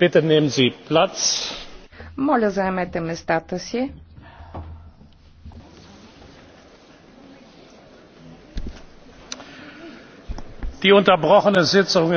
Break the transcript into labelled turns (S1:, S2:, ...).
S1: Bitte nehmen Sie Platz.
S2: Моля, заемете местата си.
S3: Die unterbrochene Sitzung ist